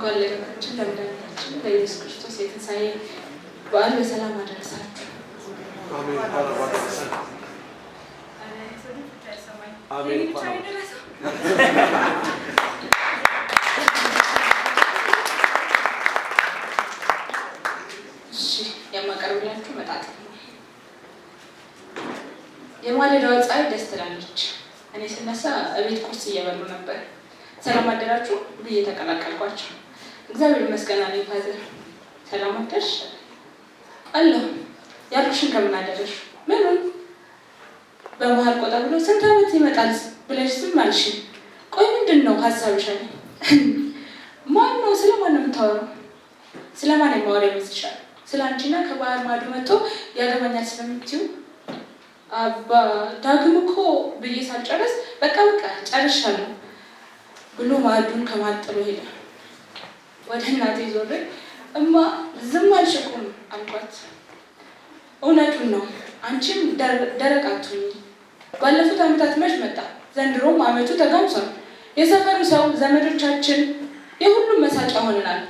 በጎ አለቃችን ለመድኃኒታችን ለኢየሱስ ክርስቶስ የተሳየ በዓል በሰላም አደረሳችሁ። የማቀርብላችሁ መጣጥ የማለዳዋ ፀሐይ ደስ ትላለች። እኔ ስነሳ እቤት ቁርስ እየበሉ ነበር። ሰላም አደራችሁ ብዬ ተቀላቀልኳቸው። እግዚአብሔር ይመስገን አለኝ ፋዘር። ሰላም አደርሽ አለሁ። ያሉሽን ከምን አደረሽ? ምኑን በመሀል ቆጣ ብሎ ስንት ዓመት ይመጣል ብለሽ ዝም አልሽ። ቆይ ምንድን ነው ሀሳብሽ? ማን ነው? ስለማን ነው የምታወራው? ስለማን የማወራ ይመስልሻል? ስለ አንቺና ከባህር ማዶ መጥቶ ያገባኛል ስለምትዩ አባ ዳግም እኮ ብዬ ሳልጨረስ በቃ በቃ ጨርሻለሁ ብሎ ማዕዱን ከማጥሎ ሄደ። ወደ እናቴ ዞሬ እማ ዝም አልሽቁም አልኳት። እውነቱን ነው አንቺም ደረቃቱኝ። ባለፉት ዓመታት መች መጣ፣ ዘንድሮም ዓመቱ ተጋምሷል። የሰፈሩ ሰው ዘመዶቻችን፣ የሁሉም መሳጫ ሆነናል።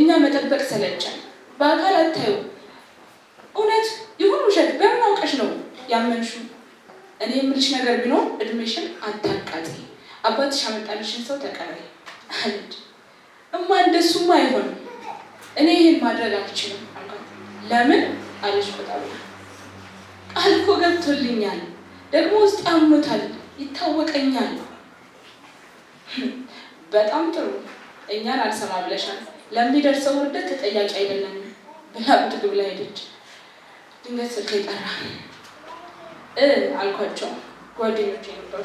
እኛ መጠበቅ ሰለቸን። በአካል አታዩ። እውነት ይሁን ውሸት በምን አውቀሽ ነው ያመንሹ? እኔ የምልሽ ነገር ቢኖር እድሜሽን አታቃጥ፣ አባትሽ ያመጣልሽን ሰው ተቀበይ አለች። እማ እንደሱማ አይሆንም፣ እኔ ይህን ማድረግ አልችልም አልኳት። ለምን አለች ቆጣ ቃል እኮ ገብቶልኛል፣ ደግሞ ውስጥ ያምኖታል፣ ይታወቀኛል። በጣም ጥሩ እኛን አልሰማ ብለሻል፣ ለሚደርሰው ውርደት ተጠያቂ አይደለም ብላ ብድግ ብላ ሄደች። ድንገት ስልክ ይጠራ እ አልኳቸው ጓደኞች የነበሩ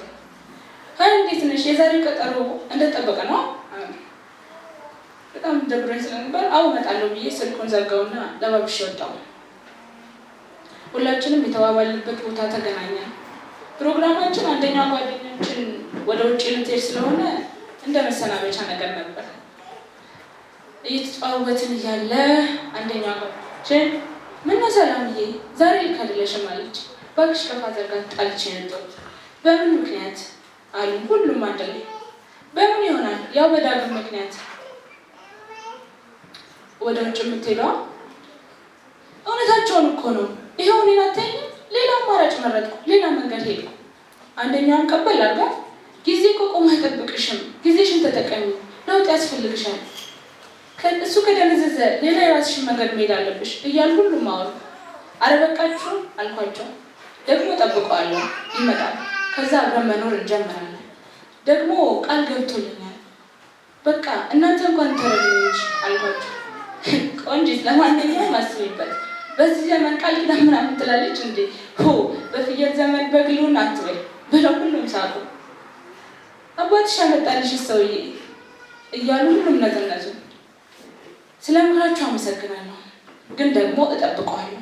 እንዴት ነሽ? የዛሬው ቀጠሮ እንደተጠበቀ ነው በጣም ደብሮኝ ስለነበር አው እመጣለሁ ብዬ ስልኩን ዘጋውና ለባብሽ ወጣው። ሁላችንም የተባባልንበት ቦታ ተገናኘን። ፕሮግራማችን አንደኛ ጓደኛችን ወደ ውጭ ልትሄድ ስለሆነ እንደ መሰናበቻ ነገር ነበር። እየተጫወትን እያለ አንደኛ ጓደኛችን ምነው ሰላምዬ ዛሬ ልክ አይደለሽም አለች። እባክሽ ከፋዘር ጋር ጣልቼ በምን ምክንያት አሉ ሁሉም አንድ ላይ። በምን ይሆናል ያው በዳግም ምክንያት ወደ ውጭ የምትሄደዋ? እውነታቸውን እኮ ነው። ይኸው እኔን አታይኝ። ሌላ አማራጭ መረጥኩ። ሌላ መንገድ ሄድኩ። አንደኛውን ቀበል አርጋ ጊዜ እኮ ቆሞ አይጠብቅሽም። ጊዜሽን ተጠቀሚ። ለውጥ ያስፈልግሻል። እሱ ከደነዘዘ ሌላ የራስሽን መንገድ መሄድ አለብሽ እያል ሁሉም አወሩ። አረበቃችሁ አልኳቸው። ደግሞ ጠብቀዋለሁ፣ ይመጣል። ከዛ አብረን መኖር እንጀምራለን። ደግሞ ቃል ገብቶልኛል። በቃ እናንተ እንኳን ተረግኖች ቆንጂ ለማንኛውም አስቢበት። በዚህ ዘመን ቃል ኪዳን ምናምን ትላለች እንዴ? ሆ በፍየል ዘመን በግሉን አትበይ ብለው ሁሉም ሳቁ። አባትሽ ያመጣልሽ ሰውዬ እያሉ ሁሉም ነዘነዙ። ስለ ምክራችሁ አመሰግናለሁ፣ ግን ደግሞ እጠብቀዋለሁ።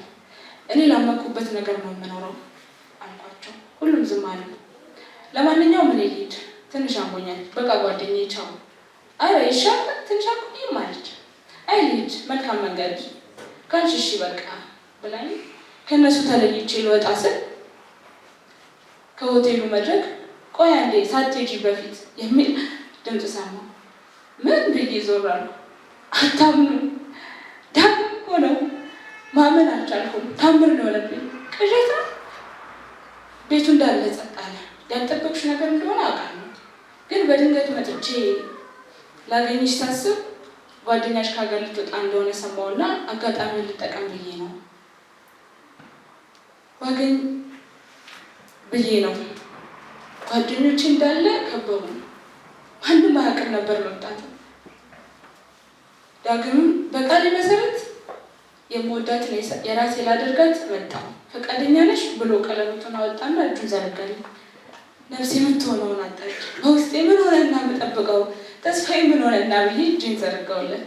እኔ ላመኩበት ነገር ነው የምኖረው አልኳቸው። ሁሉም ዝም አለ። ለማንኛውም እኔ ልሂድ፣ ትንሽ አሞኛል። በቃ ጓደኛዬ ቻው። አረ ይሻል ትንሽ አቆይም አለች። አይ ልጅ መልካም መንገድ ከንሽ እሺ በቃ ብላኝ ከእነሱ ተለይቼ ልወጣ ስል ከሆቴሉ መድረክ ቆይ አንዴ ሳትሄጂ በፊት የሚል ድምፅ ሰማሁ። ምን ብዬ ዞር አልኩ። አታምኑም፣ ዳግም ሆነው ማመን አልቻልኩም። ታምር ነው የሆነብኝ ቅዠታ። ቤቱ እንዳለ ጸጥ አለ። ያልጠበቅሽ ነገር እንደሆነ አውቃለሁ፣ ግን በድንገት መጥቼ ላገኝሽ ሳስብ ጓደኛሽ ከሀገር ልትወጣ እንደሆነ ሰማውና አጋጣሚ ልጠቀም ብዬ ነው ዋገኝ ብዬ ነው። ጓደኞች እንዳለ ከበቡ። ማንም አያውቅም ነበር መምጣት። ዳግምም በቃሌ መሰረት የምወዳትን የራሴ ላደርጋት መጣ ፈቃደኛ ነሽ ብሎ ቀለበቱን አወጣና እጁን ዘረጋልኝ። ነፍሴ የምትሆነውን አጣች። በውስጤ ምን ሆነና የምጠብቀው ተስፋዬ ምን ሆነ እና ብዬ እጄን ዘረጋውለት።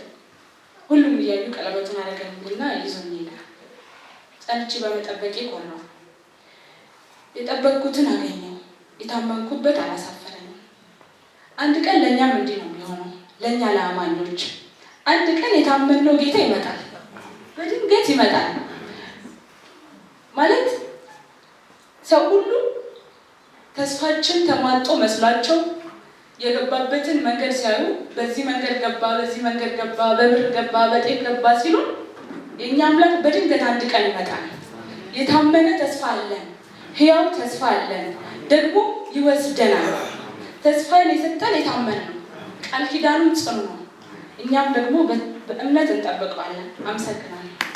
ሁሉም እያዩ ቀለበቱን አደረገልኝና ይዞኝ ሄደ። ጸንቼ በመጠበቄ ቆመው የጠበቅኩትን አገኘው። የታመንኩበት አላሳፈረኝም። አንድ ቀን ለእኛም እንዲህ ነው የሚሆነው፣ ለእኛ ለአማኞች አንድ ቀን የታመንነው ጌታ ይመጣል። በድንገት ይመጣል ማለት ሰው ሁሉ ተስፋችን ተሟጦ መስሏቸው የገባበትን መንገድ ሲያዩ በዚህ መንገድ ገባ፣ በዚህ መንገድ ገባ፣ በብር ገባ፣ በጤፍ ገባ ሲሉ የእኛ አምላክ በድንገት አንድ ቀን ይመጣል። የታመነ ተስፋ አለን፣ ህያው ተስፋ አለን፣ ደግሞ ይወስደናል። ተስፋን የሰጠን የታመነ ነው፣ ቃል ኪዳኑም ጽኑ ነው። እኛም ደግሞ በእምነት እንጠብቀዋለን። አመሰግናለሁ።